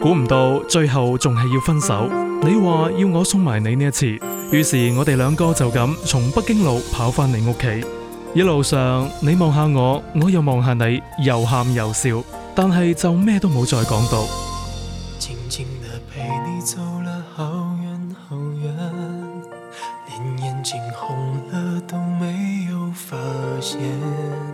估唔到最後仲係要分手，你話要我送埋你呢一次，於是我哋兩個就咁從北京路跑返嚟屋企，一路上你望下我，我又望下你，又喊又笑，但係就咩都冇再講到。靜靜地陪你走了好遠好遠，連眼睛紅了都沒有發現。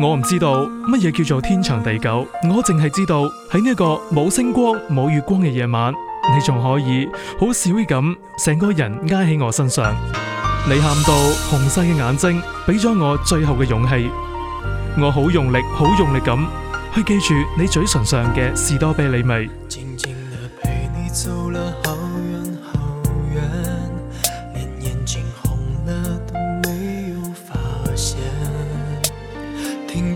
我唔知道乜嘢叫做天長地久，我淨係知道喺呢個冇星光、冇月光嘅夜晚，你仲可以好小咁，成個人挨喺我身上。你喊到紅晒嘅眼睛，俾咗我最後嘅勇氣。我好用力、好用力咁去記住你嘴唇上嘅士多啤梨味。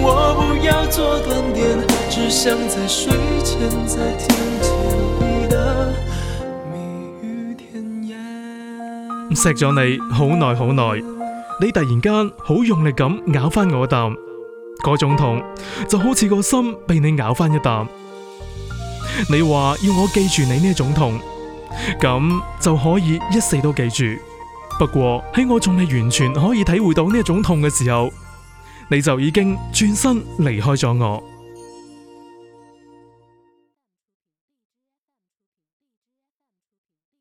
我不要做斷點，只想在睡前再聽見你的蜜語甜言。錫咗你好耐好耐，你突然間好用力咁咬翻我啖，嗰種痛就好似個心被你咬翻一啖。你話要我記住你呢種痛，咁就可以一世都記住。不過喺我仲未完全可以體會到呢種痛嘅時候，你就已經轉身離開咗我。